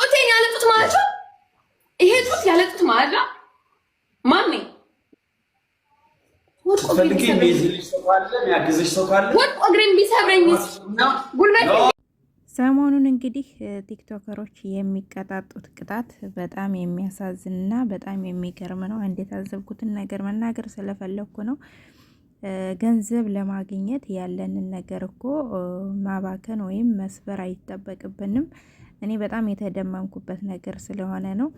ጡቴን ያለጡት ማለት ነው። ይሄ ጡት ያለጡት ማለት ነው። ማሜ ወድቆ እግሬን ቢሰብረኝ ጉልበት ሰሞኑን እንግዲህ ቲክቶከሮች የሚቀጣጡት ቅጣት በጣም የሚያሳዝንና በጣም የሚገርም ነው። አንድ የታዘብኩትን ነገር መናገር ስለፈለግኩ ነው። ገንዘብ ለማግኘት ያለንን ነገር እኮ ማባከን ወይም መስበር አይጠበቅብንም። እኔ በጣም የተደመምኩበት ነገር ስለሆነ ነው።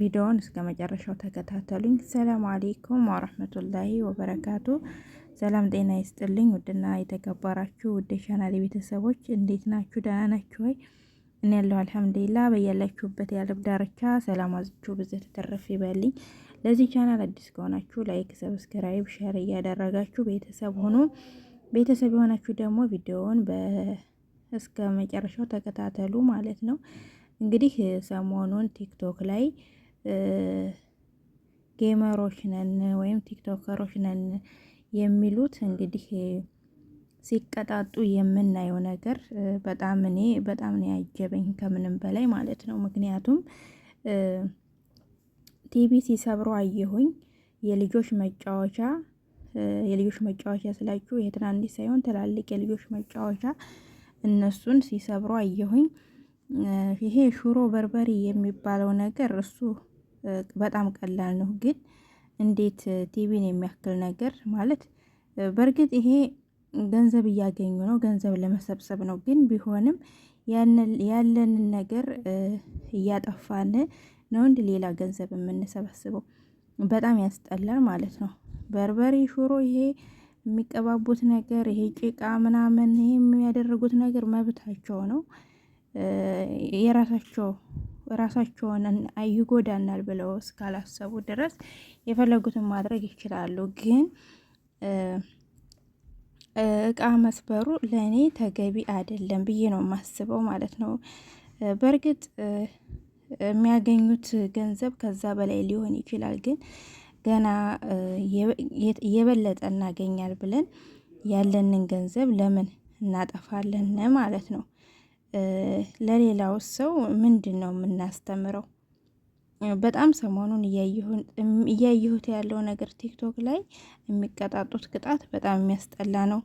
ቪዲዮውን እስከ መጨረሻው ተከታተሉኝ። ሰላም አሌይኩም ወረህመቱላሂ ወበረካቱ። ሰላም ጤና ይስጥልኝ። ውድና የተከበራችሁ ውድ ቻናል ቤተሰቦች እንዴት ናችሁ? ደህና ናችሁ ወይ? እኔ ያለሁ አልሐምዱሊላ። በያላችሁበት የዓለም ዳርቻ ሰላማችሁ ብዝህ ተተረፍ ይበልኝ። ለዚህ ቻናል አዲስ ከሆናችሁ ላይክ፣ ሰብስክራይብ፣ ሸር እያደረጋችሁ ቤተሰብ ሆኖ ቤተሰብ የሆናችሁ ደግሞ ቪዲዮውን እስከ መጨረሻው ተከታተሉ ማለት ነው። እንግዲህ ሰሞኑን ቲክቶክ ላይ ጌመሮች ነን ወይም ቲክቶከሮች ነን የሚሉት እንግዲህ ሲቀጣጡ የምናየው ነገር በጣም እኔ በጣም ነው ያጀበኝ ከምንም በላይ ማለት ነው። ምክንያቱም ቲቪ ሲሰብሮ አየሁኝ። የልጆች መጫወቻ የልጆች መጫወቻ ስላችሁ የትናንሽ ሳይሆን ትላልቅ የልጆች መጫወቻ እነሱን ሲሰብሩ አየሁኝ። ይሄ ሽሮ በርበሬ የሚባለው ነገር እሱ በጣም ቀላል ነው፣ ግን እንዴት ቲቪን የሚያክል ነገር ማለት በእርግጥ ይሄ ገንዘብ እያገኙ ነው፣ ገንዘብ ለመሰብሰብ ነው። ግን ቢሆንም ያለንን ነገር እያጠፋን ነው እንድ ሌላ ገንዘብ የምንሰበስበው በጣም ያስጠላል ማለት ነው። በርበሬ ሽሮ ይሄ የሚቀባቡት ነገር ይሄ ጭቃ ምናምን ይሄ የሚያደርጉት ነገር መብታቸው ነው። የራሳቸው ራሳቸውን ይጎዳናል ብለው እስካላሰቡ ድረስ የፈለጉትን ማድረግ ይችላሉ። ግን እቃ መስበሩ ለእኔ ተገቢ አይደለም ብዬ ነው የማስበው ማለት ነው። በእርግጥ የሚያገኙት ገንዘብ ከዛ በላይ ሊሆን ይችላል ግን ገና የበለጠ እናገኛል ብለን ያለንን ገንዘብ ለምን እናጠፋለን ማለት ነው። ለሌላው ሰው ምንድን ነው የምናስተምረው? በጣም ሰሞኑን እያየሁት ያለው ነገር ቲክቶክ ላይ የሚቀጣጡት ቅጣት በጣም የሚያስጠላ ነው።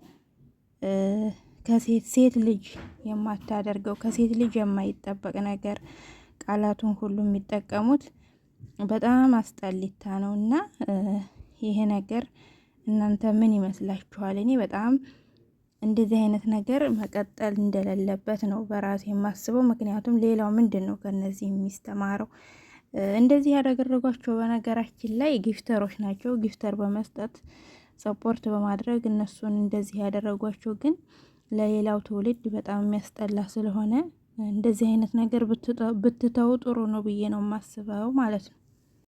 ከሴት ሴት ልጅ የማታደርገው ከሴት ልጅ የማይጠበቅ ነገር ቃላቱን ሁሉ የሚጠቀሙት በጣም አስጠሊታ ነው እና ይሄ ነገር እናንተ ምን ይመስላችኋል? እኔ በጣም እንደዚህ አይነት ነገር መቀጠል እንደሌለበት ነው በራሴ የማስበው። ምክንያቱም ሌላው ምንድን ነው ከነዚህ የሚስተማረው? እንደዚህ ያደረጓቸው በነገራችን ላይ ጊፍተሮች ናቸው። ጊፍተር በመስጠት ሰፖርት በማድረግ እነሱን እንደዚህ ያደረጓቸው ግን ለሌላው ትውልድ በጣም የሚያስጠላ ስለሆነ እንደዚህ አይነት ነገር ብትተው ጥሩ ነው ብዬ ነው የማስበው ማለት ነው።